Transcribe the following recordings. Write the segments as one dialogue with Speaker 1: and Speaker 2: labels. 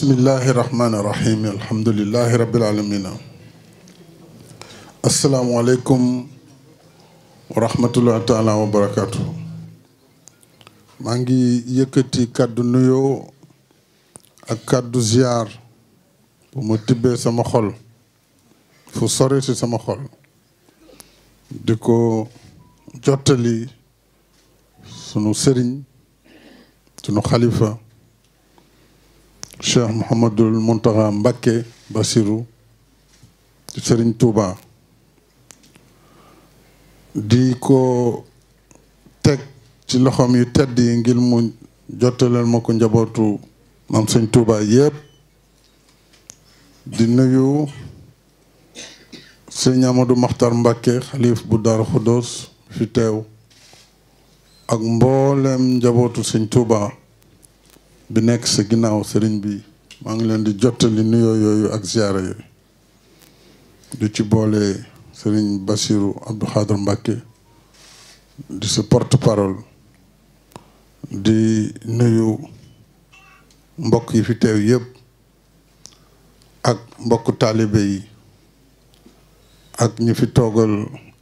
Speaker 1: bismillahi rahmaani rahim alhamdulilahi rabbil alamina asalaamualeykum wa rahmatullahi taala wa maa ngi yëkkati kàddu nuyoo ak kàddu ziar bu ma tibbee sama xol fu sore si sama xol di ko jottali sunu sëriñ sunu xalifa Cheikh Mouhamadul Mountakha Mbacké Bassirou Serigne Touba di ko teg ci loxoom yu tedd yi ngir mu jottaleel ma ko njabootu maam sëñ Touba yëpp di nuyu sëñ Amadou Makhtar Mbacké xalif bu Darou Khoudoss fi teew ak mboolem njabootu sëñ Touba bi nekk sa ginnaaw sëriñ bi maa ngi leen di jottali nuyoo yooyu ak ziyaara yooyu du ci boole sëriñ Bassirou Abdou Khadr Mbacké di sa porte parole di nuyu mbokk yi fi teew yëpp ak mbokk taalibe yi ak ñi fi toogal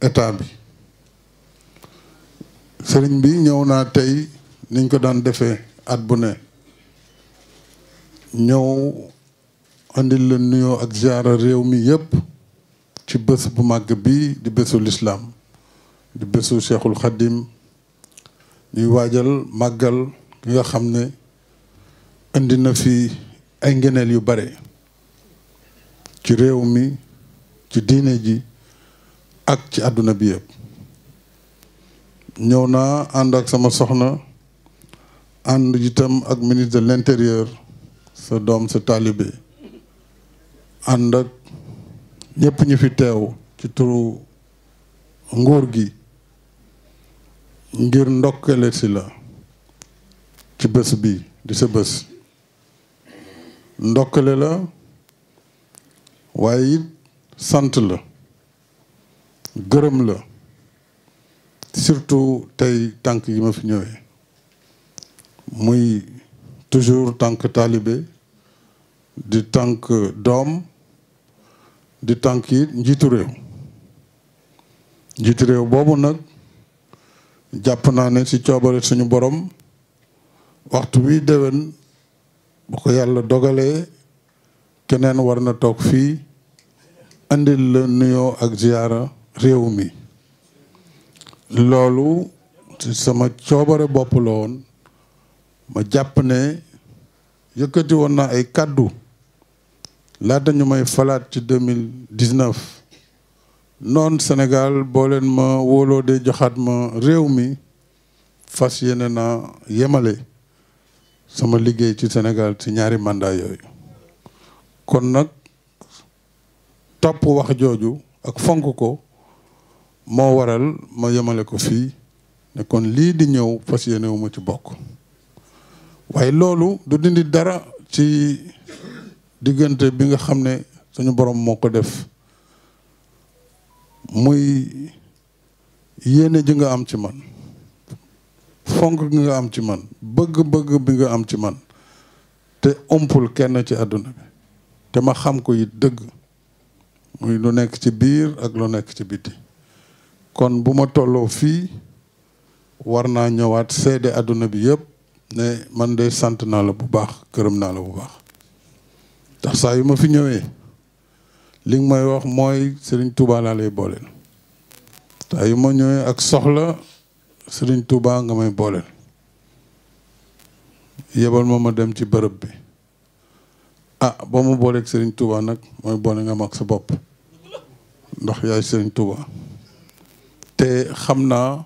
Speaker 1: état bi sëriñ bi ñëw naa tey niñ ko daan defee at bu ne ñëw andil la nuyoo ak ziara réew mi yëpp ci bés bu màgg bi di bésu lislaam di bésu cheikhul xadim ñuy waajal màggal ki nga xam ne indi na fi ay ngeneel yu bare ci réew mi ci diine ji ak ci àdduna bi yëpp ñëw naa ànd ak sama soxna ànd itam ak ministre l'intérieur sa doom sa taalibe ànd ak ñëpp ñu fi teew ci turu nguur gi ngir ndokkale si la ci bés bi di sa bés ndokkale la waaye it sant la gërëm la surtout tey tànk yi ma fi ñëwee muy toujours tànk taalibe di tànk doom di tànk yi njiitu réew njiitu réew boobu nag jàpp naa ne ci coobare suñu boroom waxtu wi déwén bu ko yàlla dogalee keneen war na toog fii indil la nuyoo ak ziyaara réew mi loolu ci sama coobare bopp la ma jàpp ne yëkkati woon na ay kàddu laata ñu may falaat ci deux mille dix noon senegal boo leen ma wóoloo de joxaat ma réew mi fas yéene naa yemale sama liggéey ci senegal ci ñaari mandat yooyu kon nag topp wax jooju ak fonk ko moo waral ma yemale ko fii ne kon lii di ñëw fas yéene ci bokk waaye loolu du dindi dara ci diggante bi nga xam ne suñu borom moo ko def muy yéene ji am ci man fonk gi nga am ci man bëgg-bëgg bi nga am ci man te ompul kenn ci àdduna bi te ma xam ko it dëgg muy lu nekk ci biir ak lu nekk ci biti kon bu ma tolloo fii war naa ñëwaat seede àdduna bi yëpp ne man de sant naa la bu baax këram naa la bu baax ndax saa yu ma fi ñëwee li may wax mooy sëriñ Touba laa lay booleel saa yu ma ñëwee ak soxla Serigne Touba nga may booleel yebal ma ma dem ci bërëb bi ah boo mu booleeg sëriñ tuubaa nag mooy boole nga mag sa bopp ndox yaay sëriñ Touba te xam naa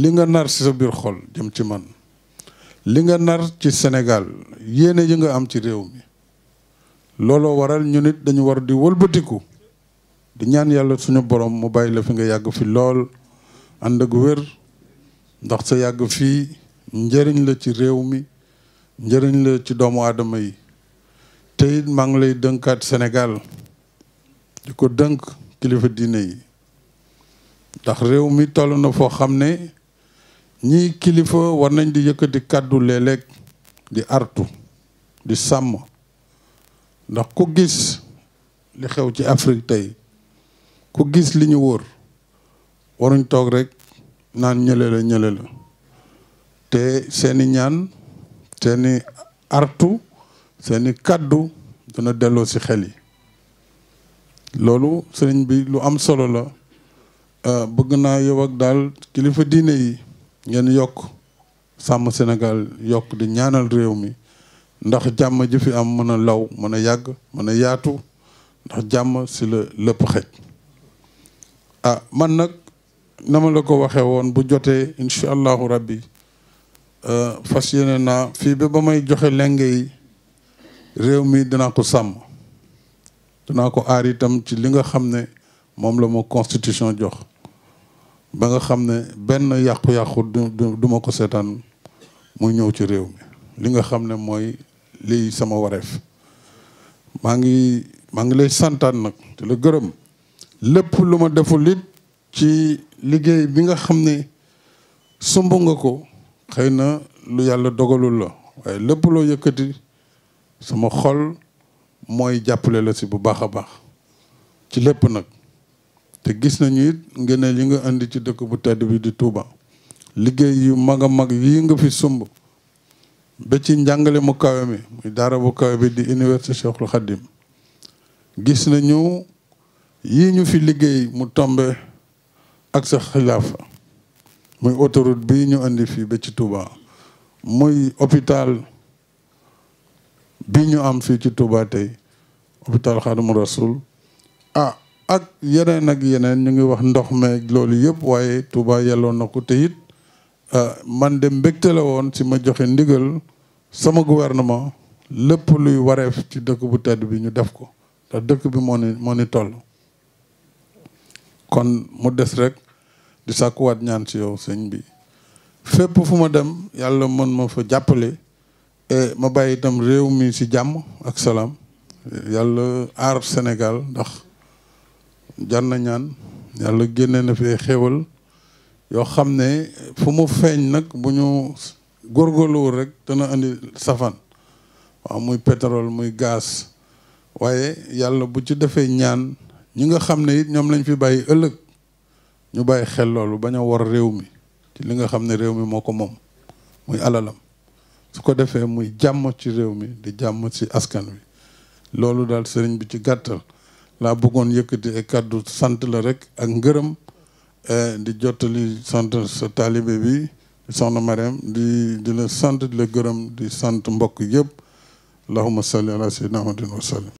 Speaker 1: li nga nar si sa biir xol jëm ci man li nga nar ci senegaal yéene yu nga am ci réew mi looloo waral ñu nit dañu war di wëlbatiku di ñaan yàlla suñu boroom mu bàyyi la fi nga yàgg fi lool ànd ak wér ndax sa yàgg fii njëriñ la ci réew mi njëriñ la ci doomu aadama yi te it maa ngi lay dënkaat Sénégal di ko dënk kilifa diine yi ndax réew mi toll na foo xam ne ñi kilifa war nañ di yëkkati kàddu léeg di artu di sàmm ndax ku gis li xew ci Afrique tey ku gis li ñu wóor waruñ toog rek naan ñële la ñële la te seeni ñaan seeni artu seeni kàddu dana delloo ci xel yi loolu sëriñ bi lu am solo la euh, bëgg naa yow ak daal kilifa diine yi ngeen yokk sàmm Sénégal yokk di ñaanal réew mi ndax jàmm ji fi am mën a law mën a yàgg mën a yaatu ndax jàmm si la lépp xej ah man nag na ma la ko waxee woon bu jotee incha allahu rabbi euh, fas yéene naa fii ba ba may joxe lenge yi réew mi dinaa ko sàmm dinaa ko aar itam ci li nga xam ne moom la mu constitution jox ba nga xam ne benn yàqu-yàqu du duma ko seetaan muy ñëw ci réew mi li nga xam ne mooy lii sama wareef maa ngi maa ngi lay santaan nag te la gërëm lépp lu ma deful it ci liggéey bi nga xam ne sumb nga ko xëy na lu yàlla dogalul la waaye lépp loo yëkkati sama xol mooy jàppale la si bu baax a baax ci lépp nag te gis nañu it ngeen nga indi ci dëkk bu tedd bi di Touba. liggéey yu mag a mag yii nga fi sumb ba ci njàngale mu kawe mi muy daara bu kawe bi di université Cheikhul Khadim gis nañu yii ñu fi liggéey mu tombe ak sa xilaafa muy autoroute bi ñu indi fii ba ci Touba muy hôpital bi ñu am fii ci Touba tey hôpital Khadimou Rassoul ah ak yeneen ak yeneen ñu ngi wax ndox meeg loolu yëpp waaye Touba yelloon na ko te it ah, man de mbégte la woon ci ma joxe ndigal sama gouvernement lépp luy wareef ci dëkk bu tedd bi ñu def ko ndax dëkk bi moo ni moo ni toll kon mu des rek di sàkkuwaat ñaan si yow sëñ bi fépp fu ma dem yàlla mën ma fa jàppale e ma bàyyi itam réew mi si jàmm ak salaam yàlla aar senegal ndax jar na ñaan yàlla génne na fi xéwal yoo xam ne fu mu feeñ nag bu ñu góorgóorluwul rek dana indi safan waaw muy pétrole muy gaz waaye yàlla bu ci defee ñaan ñi nga xam ne it ñoom lañ fi bàyyi ëllëg ñu bàyyi xel loolu bañ a war réew mi li nga xam ne réew mi moo ko moom muy alalam su ko defee muy jàmm ci réew mi di jàmm ci askan wi loolu daal sëriñ bi ci gàttal laa bëggoon yëkkati ay kàddu sant la rek ak ngërëm eh, di jottali sant sa taalibe bi soxna Mariam di di la sant di la gërëm di sant mbokk yëpp allahumma salli ala sayyidina muhammadin wa